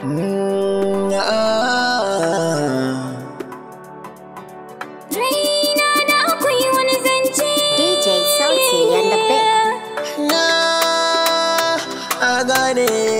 Raina na akwai wani zance DJ Sauti and the Na a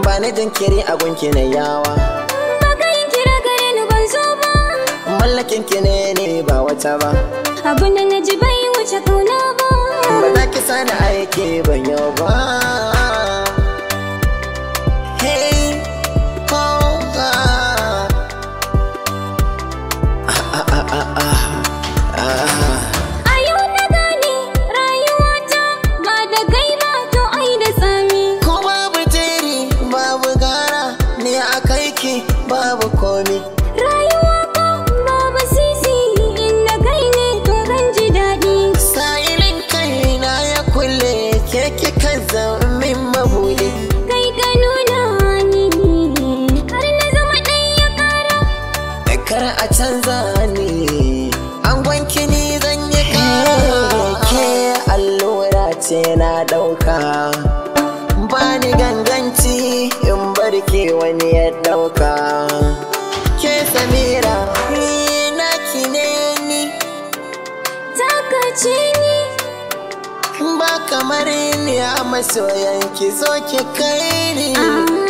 ba ni jinkiri a gunki na yawa Ba ka yin kira gare ni ban zo ba mallakin ki ne ne ba wata ba abin da na ji bai wuce kuna ba ba za ki sani aiki ban yau ba babu komi rayuwa ka babu sisi inda kai ne to zan ji daɗi ya kulle keke kan zamin mabuɗi kai ka nuna ni har na zama ɗan ya ƙara da kar a canza ni an gwanki ni zan yi ƙara ke allura ce na ɗauka ɗauka ke ni edoka kine mira nina kineni taka chini ni marini ama soya zo ki kai